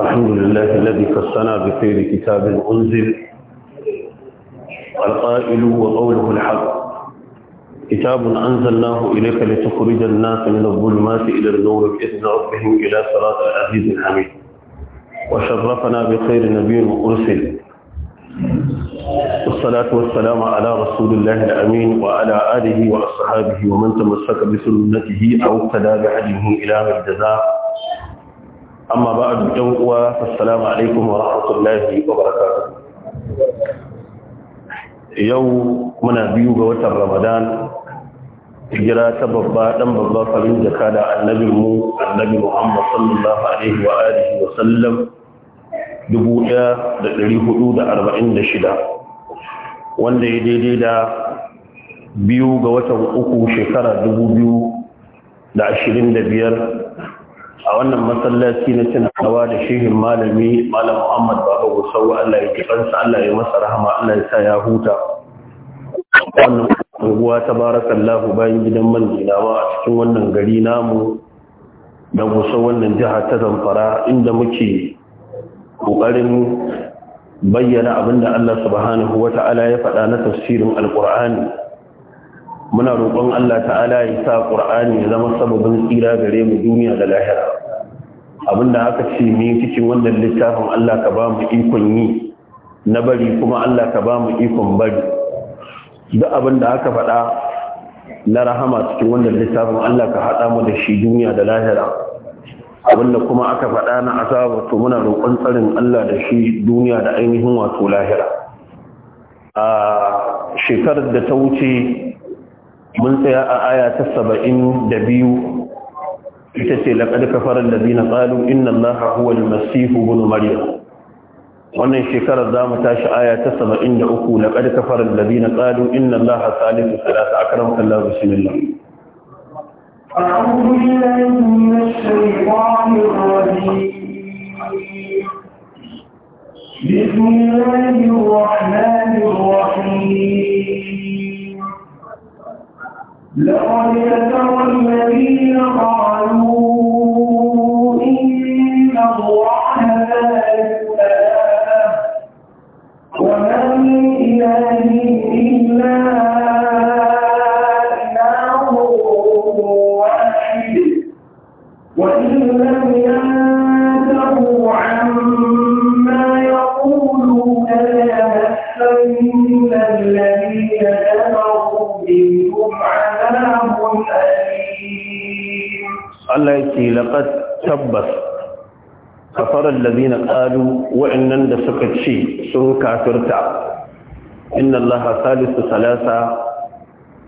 الحمد لله الذي فسنا بخير كتاب أنزل القائل وقوله الحق كتاب أنزلناه إليك لتخرج الناس من الظلمات إلى النور بإذن ربهم إلى صراط العزيز الحميد وشرفنا بخير نبي أرسل والصلاة والسلام على رسول الله الأمين وعلى آله وأصحابه ومن تمسك بسنته أو اقتدى بهديه إلى الجزاء amma ba a yan uwa assalamu alaikum wa rahmatullahi wa barakatuh yau muna biyu ga watan ramadan hijira ta babba dan babba farin jaka da annabin mu annabi muhammad sallallahu alaihi wa alihi wa sallam 1446 wanda ya daidai da biyu ga watan uku shekara 2025 a wannan masallaci na tunawa da shehin malami malam muhammad baba gusau allah ya kifansa allah ya masa rahama allah ya sa ya huta wannan unguwa ta barakallahu bayan gidan man dinawa a cikin wannan gari namu da gusau wannan jiha ta zamfara inda muke ƙoƙarin bayyana abinda allah subhanahu wata'ala ya faɗa na tafsirin alƙur'ani muna roƙon Allah ta'ala ya sa Qur'ani ya zama sababin tsira gare mu duniya da lahira abinda aka ce ni cikin wannan littafin Allah ka ba mu ikon yi na bari kuma Allah ka ba mu ikon bari duk abinda aka faɗa na rahama cikin wannan littafin Allah ka haɗa mu da shi duniya da lahira wanda kuma aka faɗa na azaba to muna roƙon tsarin Allah da shi duniya da ainihin wato lahira a shekarar da ta wuce mun tsaya a aya ta saba'in da biyu ita ce laƙar kafarar da zina tsalu inna Allah huwa masihu bin maryam wannan shekarar za mu tashi aya ta saba'in da uku laƙar kafarar da zina tsalu inna allaha salisu salasa a kallah bismillah أعوذ بالله من الشيطان الرجيم بسم الله Allah yake laqad tabbas kafarar lazina ƙalu waɗannan da suka ce sun kafirta inna Allah salisu salasa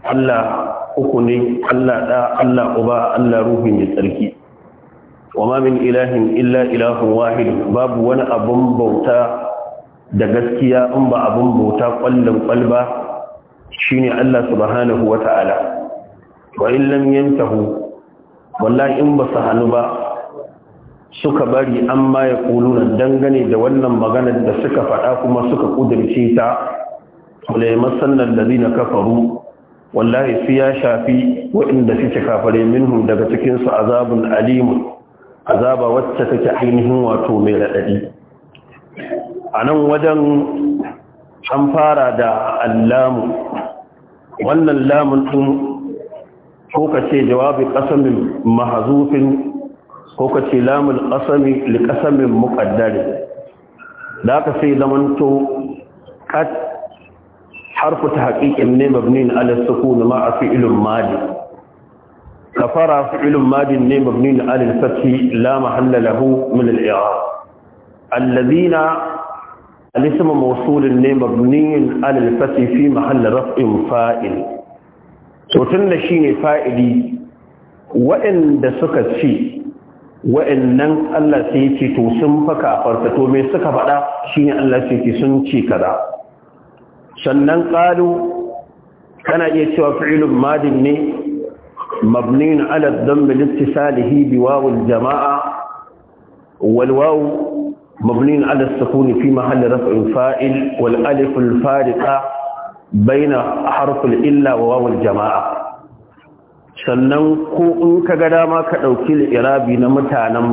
Allah uku ne Allah da Allah uba Allah ruhi mai tsarki wa ma min ilahin illa ilahun wahid babu wani abun bauta da gaskiya in ba abun bauta kwallon kwalba shine Allah subhanahu wa ta'ala wa in lam yantahu wallahi in ba su hannu ba suka bari an maye ya kuluna dangane da wannan maganar da suka faɗa kuma suka ƙudurce ta sulaiman sannan da zina kafaru wallahi su ya shafi waɗanda suke kafare minhum daga cikinsu azabun alimun azaba wacce take ainihin wato mai raɗaɗi a nan wajen an fara da allamu wannan lamun ɗin ko ka ce jawabi qasamin mahzufin ko ka ce lamul qasami li qasamin muqaddari da ka sai zamanto qad harfu tahqiqin ne mabni ala sukun ma fi'il madi kafara fi'il madi ne mabni ala fath la mahalla lahu min al-i'rab alladhina الاسم موصول مبني على الفتح fi محل رفع فاعل to da shi ne fa'idi waɗanda suka ce waɗannan Allah sai ce to sun faka farfato mai suka faɗa shi ne Allah sai ce sun ce kaza sannan ƙalu kana iya cewa fi'ilun madin ne mabnin ala dhanbi littisalihi bi wawul jama'a Walwawu, mabnin ala sukuni fi mahalli raf'in fa'il wal alif fariƙa. baina harful illa wa wawul jama'a sannan ko in ka ga dama ka ɗauki irabi na mutanen